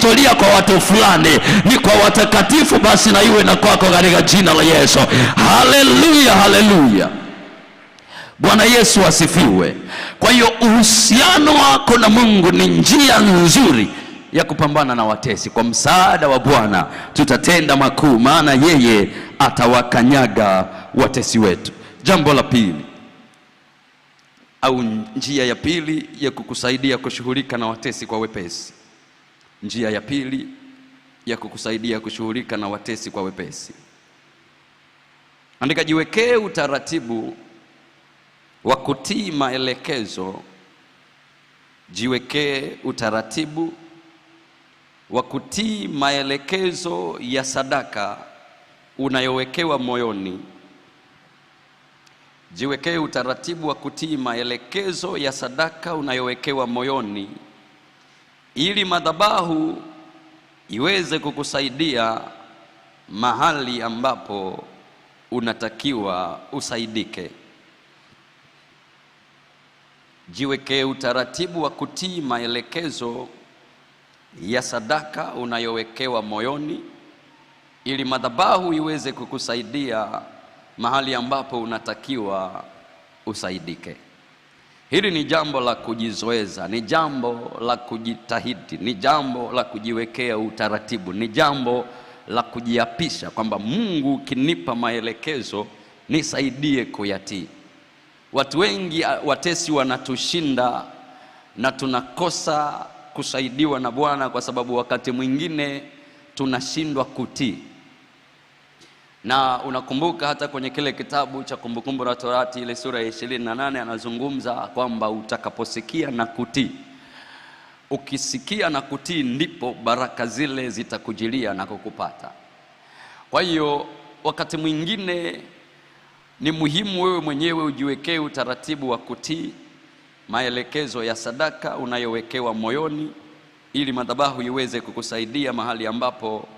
historia kwa watu fulani, ni kwa watakatifu, basi na iwe na kwako katika jina la Yesu. Haleluya, haleluya. Bwana Yesu asifiwe. Kwa hiyo uhusiano wako na Mungu ni njia nzuri ya kupambana na watesi. Kwa msaada wa Bwana tutatenda makuu, maana yeye atawakanyaga watesi wetu. Jambo la pili au njia ya pili ya kukusaidia kushughulika na watesi kwa wepesi Njia ya pili ya kukusaidia kushughulika na watesi kwa wepesi, andika, jiwekee utaratibu wa kutii maelekezo. Jiwekee utaratibu wa kutii maelekezo ya sadaka unayowekewa moyoni. Jiwekee utaratibu wa kutii maelekezo ya sadaka unayowekewa moyoni ili madhabahu iweze kukusaidia mahali ambapo unatakiwa usaidike. Jiwekee utaratibu wa kutii maelekezo ya sadaka unayowekewa moyoni, ili madhabahu iweze kukusaidia mahali ambapo unatakiwa usaidike. Hili ni jambo la kujizoeza, ni jambo la kujitahidi, ni jambo la kujiwekea utaratibu, ni jambo la kujiapisha kwamba Mungu, ukinipa maelekezo nisaidie kuyatii. Watu wengi watesi wanatushinda na tunakosa kusaidiwa na Bwana kwa sababu wakati mwingine tunashindwa kutii na unakumbuka hata kwenye kile kitabu cha Kumbukumbu la Torati ile sura ya ishirini na nane anazungumza kwamba utakaposikia na kutii, ukisikia na kutii, ndipo baraka zile zitakujilia na kukupata. Kwa hiyo wakati mwingine ni muhimu wewe mwenyewe ujiwekee utaratibu wa kutii maelekezo ya sadaka unayowekewa moyoni, ili madhabahu iweze kukusaidia mahali ambapo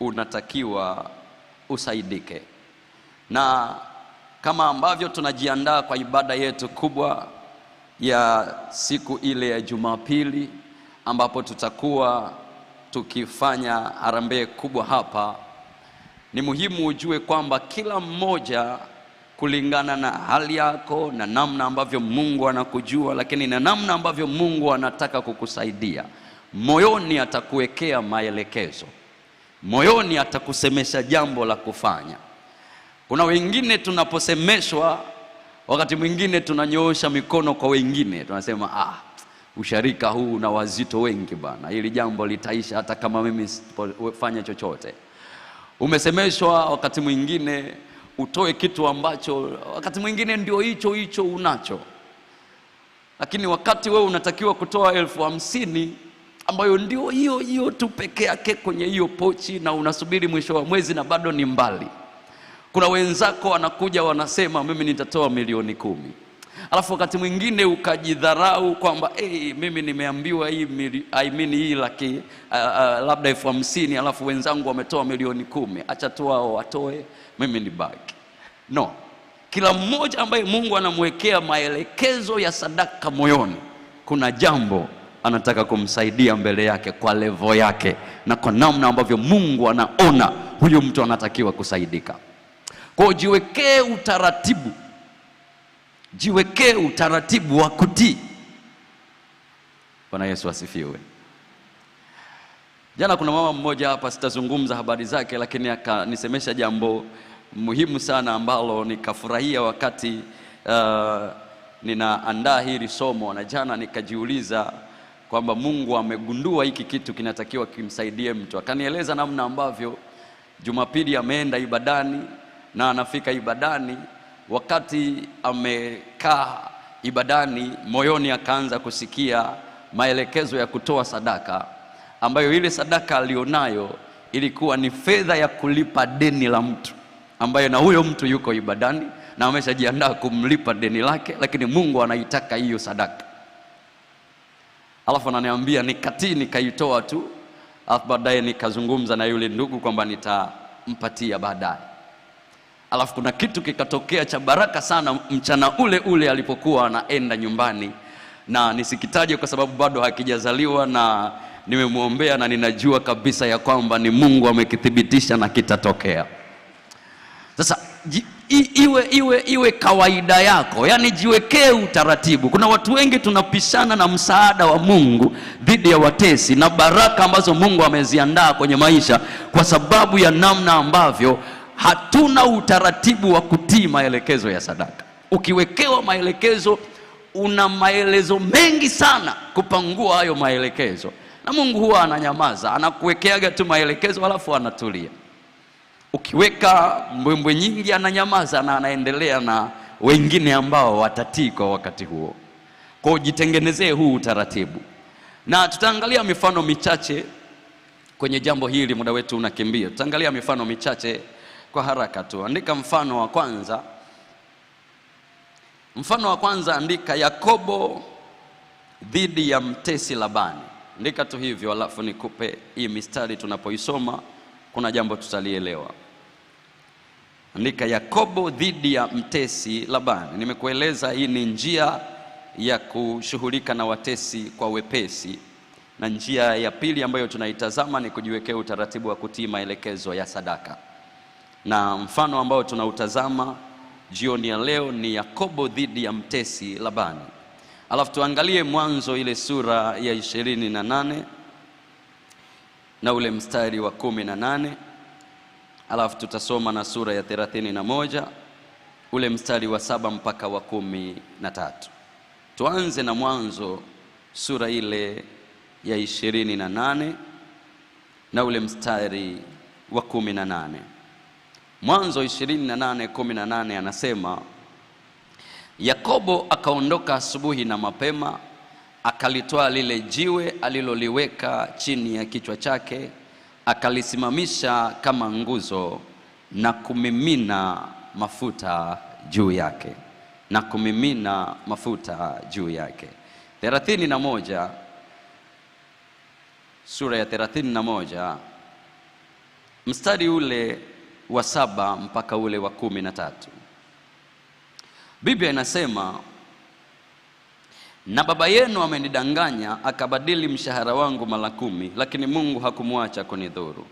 unatakiwa usaidike. Na kama ambavyo tunajiandaa kwa ibada yetu kubwa ya siku ile ya Jumapili, ambapo tutakuwa tukifanya harambee kubwa hapa, ni muhimu ujue kwamba kila mmoja kulingana na hali yako na namna ambavyo Mungu anakujua, lakini na namna ambavyo Mungu anataka kukusaidia moyoni, atakuwekea maelekezo moyoni atakusemesha jambo la kufanya. Kuna wengine tunaposemeshwa, wakati mwingine tunanyoosha mikono kwa wengine, tunasema ah, usharika huu na wazito wengi bana, hili jambo litaisha hata kama mimi sifanye chochote. Umesemeshwa wakati mwingine utoe kitu ambacho wakati mwingine ndio hicho hicho unacho, lakini wakati wewe unatakiwa kutoa elfu hamsini ambayo ndio hiyo hiyo tu peke yake kwenye hiyo pochi, na unasubiri mwisho wa mwezi na bado ni mbali. Kuna wenzako wanakuja wanasema, mimi nitatoa milioni kumi, alafu wakati mwingine ukajidharau kwamba hey, eh, mimi nimeambiwa hii I mean, hii laki uh, uh, labda elfu hamsini alafu wenzangu wametoa milioni kumi, acha tu wao watoe, mimi ni nibaki. No, kila mmoja ambaye Mungu anamwekea maelekezo ya sadaka moyoni, kuna jambo anataka kumsaidia mbele yake kwa levo yake na kwa namna ambavyo Mungu anaona huyu mtu anatakiwa kusaidika. Kwa jiwekee utaratibu, jiwekee utaratibu wa kutii. Bwana Yesu asifiwe. Jana kuna mama mmoja hapa, sitazungumza habari zake, lakini akanisemesha jambo muhimu sana ambalo nikafurahia wakati uh, ninaandaa hili somo, na jana nikajiuliza kwamba Mungu amegundua hiki kitu kinatakiwa kimsaidie mtu. Akanieleza namna ambavyo Jumapili ameenda ibadani na anafika ibadani, wakati amekaa ibadani, moyoni akaanza kusikia maelekezo ya kutoa sadaka, ambayo ile sadaka alionayo ilikuwa ni fedha ya kulipa deni la mtu, ambayo na huyo mtu yuko ibadani na ameshajiandaa kumlipa deni lake, lakini Mungu anaitaka hiyo sadaka alafu ananiambia nikatii, nikaitoa tu, alafu baadaye nikazungumza na yule ndugu kwamba nitampatia baadaye. Alafu kuna kitu kikatokea cha baraka sana mchana ule ule alipokuwa anaenda nyumbani, na nisikitaje kwa sababu bado hakijazaliwa na nimemwombea na ninajua kabisa ya kwamba ni Mungu amekithibitisha na kitatokea. Sasa I, iwe, iwe, iwe kawaida yako, yani jiwekee utaratibu. Kuna watu wengi tunapishana na msaada wa Mungu dhidi ya watesi na baraka ambazo Mungu ameziandaa kwenye maisha kwa sababu ya namna ambavyo hatuna utaratibu wa kutii maelekezo ya sadaka. Ukiwekewa maelekezo, una maelezo mengi sana kupangua hayo maelekezo, na Mungu huwa ananyamaza, anakuwekeaga tu maelekezo alafu anatulia. Ukiweka mbwembwe nyingi, ananyamaza na anaendelea na wengine ambao watatii kwa wakati huo. Kwa jitengenezee huu utaratibu, na tutaangalia mifano michache kwenye jambo hili. Muda wetu unakimbia, tutaangalia mifano michache kwa haraka tu. Andika mfano wa kwanza. Mfano wa kwanza, andika Yakobo dhidi ya mtesi Labani. Andika tu hivyo, alafu nikupe hii mistari tunapoisoma kuna jambo tutalielewa. Andika Yakobo dhidi ya mtesi Labani. Nimekueleza hii ni njia ya kushughulika na watesi kwa wepesi, na njia ya pili ambayo tunaitazama ni kujiwekea utaratibu wa kutii maelekezo ya sadaka, na mfano ambao tunautazama jioni ya leo ni Yakobo dhidi ya mtesi Labani. Alafu tuangalie Mwanzo ile sura ya ishirini na nane na ule mstari wa kumi na nane alafu tutasoma na sura ya thelathini na moja ule mstari wa saba mpaka wa kumi na tatu. Tuanze na mwanzo sura ile ya ishirini na nane na ule mstari wa kumi na nane. Mwanzo ishirini na nane kumi na nane anasema Yakobo akaondoka asubuhi na mapema akalitoa lile jiwe aliloliweka chini ya kichwa chake, akalisimamisha kama nguzo na kumimina mafuta juu yake, na kumimina mafuta juu yake. thelathini na moja sura ya 31 mstari ule wa saba mpaka ule wa kumi na tatu Biblia inasema na baba yenu amenidanganya akabadili mshahara wangu mara kumi, lakini Mungu hakumwacha kunidhuru.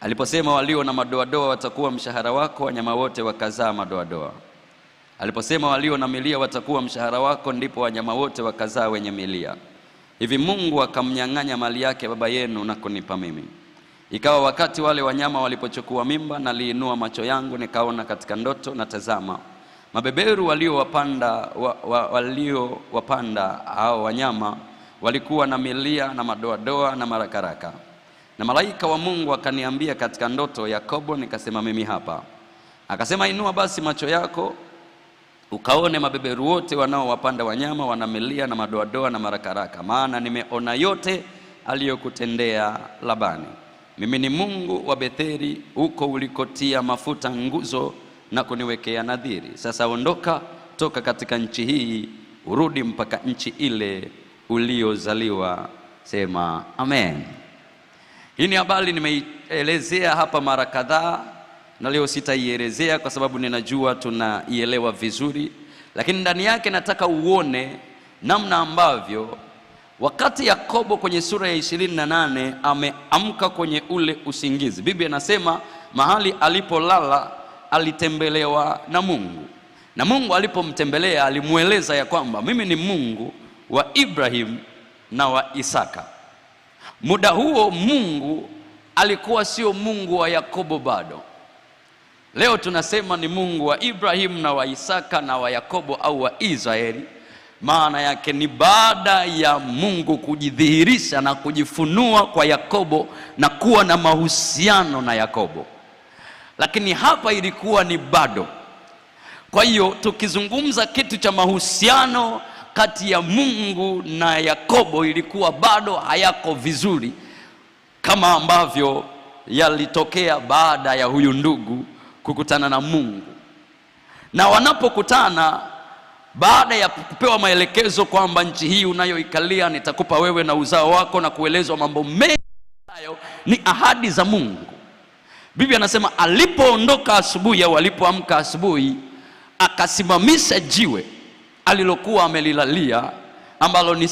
Aliposema walio na madoadoa watakuwa mshahara wako, wanyama wote wakazaa madoadoa. Aliposema walio na milia watakuwa mshahara wako, ndipo wanyama wote wakazaa wenye milia. Hivi Mungu akamnyang'anya mali yake baba yenu na kunipa mimi. Ikawa wakati wale wanyama walipochukua mimba, naliinua macho yangu nikaona katika ndoto, na tazama Mabeberu waliowapanda wa, wa, waliowapanda hao wanyama walikuwa na milia na madoadoa na marakaraka. Na malaika wa Mungu akaniambia katika ndoto, Yakobo. Nikasema, mimi hapa. Akasema, inua basi macho yako ukaone mabeberu wote wanaowapanda wanyama wana milia na madoadoa na marakaraka, maana nimeona yote aliyokutendea Labani. Mimi ni Mungu wa Betheli, huko ulikotia mafuta nguzo na kuniwekea nadhiri, sasa ondoka, toka katika nchi hii, urudi mpaka nchi ile uliozaliwa. Sema amen. Hii ni habari nimeielezea hapa mara kadhaa, na leo sitaielezea kwa sababu ninajua tunaielewa vizuri, lakini ndani yake nataka uone namna ambavyo wakati Yakobo kwenye sura ya 28 ameamka kwenye ule usingizi, Biblia inasema mahali alipolala alitembelewa na Mungu, na Mungu alipomtembelea alimweleza ya kwamba mimi ni Mungu wa Ibrahimu na wa Isaka. Muda huo Mungu alikuwa sio Mungu wa Yakobo bado. Leo tunasema ni Mungu wa Ibrahimu na wa Isaka na wa Yakobo au wa Israeli. Maana yake ni baada ya Mungu kujidhihirisha na kujifunua kwa Yakobo na kuwa na mahusiano na Yakobo lakini hapa ilikuwa ni bado. Kwa hiyo tukizungumza kitu cha mahusiano kati ya Mungu na Yakobo, ilikuwa bado hayako vizuri kama ambavyo yalitokea baada ya huyu ndugu kukutana na Mungu, na wanapokutana baada ya kupewa maelekezo kwamba nchi hii unayoikalia nitakupa wewe na uzao wako, na kuelezwa mambo mengi hayo ni ahadi za Mungu Biblia anasema alipoondoka asubuhi au alipoamka asubuhi, akasimamisha jiwe alilokuwa amelilalia ambalo ni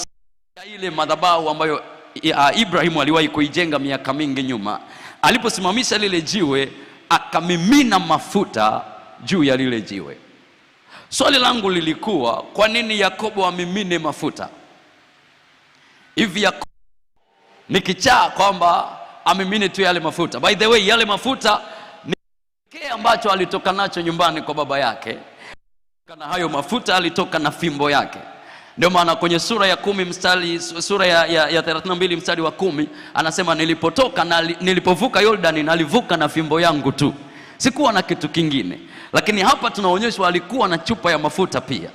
ile madhabahu ambayo Ibrahimu aliwahi kuijenga miaka mingi nyuma. Aliposimamisha lile jiwe, akamimina mafuta juu ya lile jiwe. Swali langu lilikuwa kwa nini Yakobo amimine mafuta hivi? Yakobo ni kichaa kwamba amimini tu yale mafuta. By the way, yale mafuta ni kile ambacho alitoka nacho nyumbani kwa baba yake, na hayo mafuta alitoka na fimbo yake. Ndio maana kwenye sura ya kumi mstari sura ya, ya, ya 32 mstari wa kumi anasema nilipotoka na nilipovuka Yordani nalivuka na fimbo yangu tu, sikuwa na kitu kingine. Lakini hapa tunaonyeshwa alikuwa na chupa ya mafuta pia.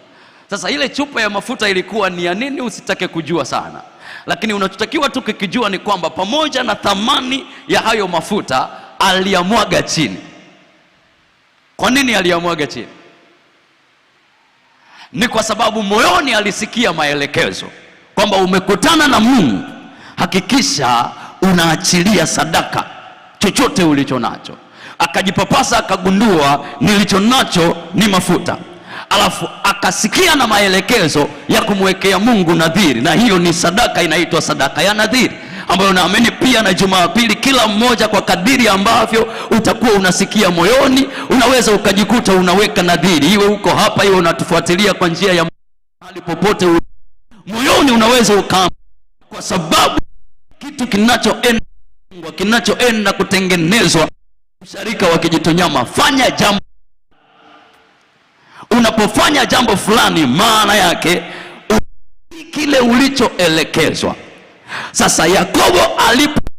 Sasa ile chupa ya mafuta ilikuwa ni ya nini? Usitake kujua sana lakini unachotakiwa tu kukijua ni kwamba pamoja na thamani ya hayo mafuta aliyamwaga chini. Kwa nini aliyamwaga chini? Ni kwa sababu moyoni alisikia maelekezo kwamba umekutana na Mungu, hakikisha unaachilia sadaka chochote ulicho nacho. Akajipapasa akagundua, nilicho nacho ni mafuta alafu akasikia na maelekezo ya kumwekea Mungu nadhiri, na hiyo ni sadaka inaitwa sadaka ya nadhiri ambayo naamini pia na pili kila mmoja kwa kadiri ambavyo utakuwa unasikia moyoni, unaweza ukajikuta unaweka nadhiri, iwe uko hapa, iwe unatufuatilia kwa njia ya mahali popote, moyoni unaweza ukaa kwa sababu kitu kinachoenda kinachoenda kutengenezwa, usharika wa Kijitonyama, fanya jambo unapofanya jambo fulani, maana yake kile ulichoelekezwa. Sasa Yakobo alipo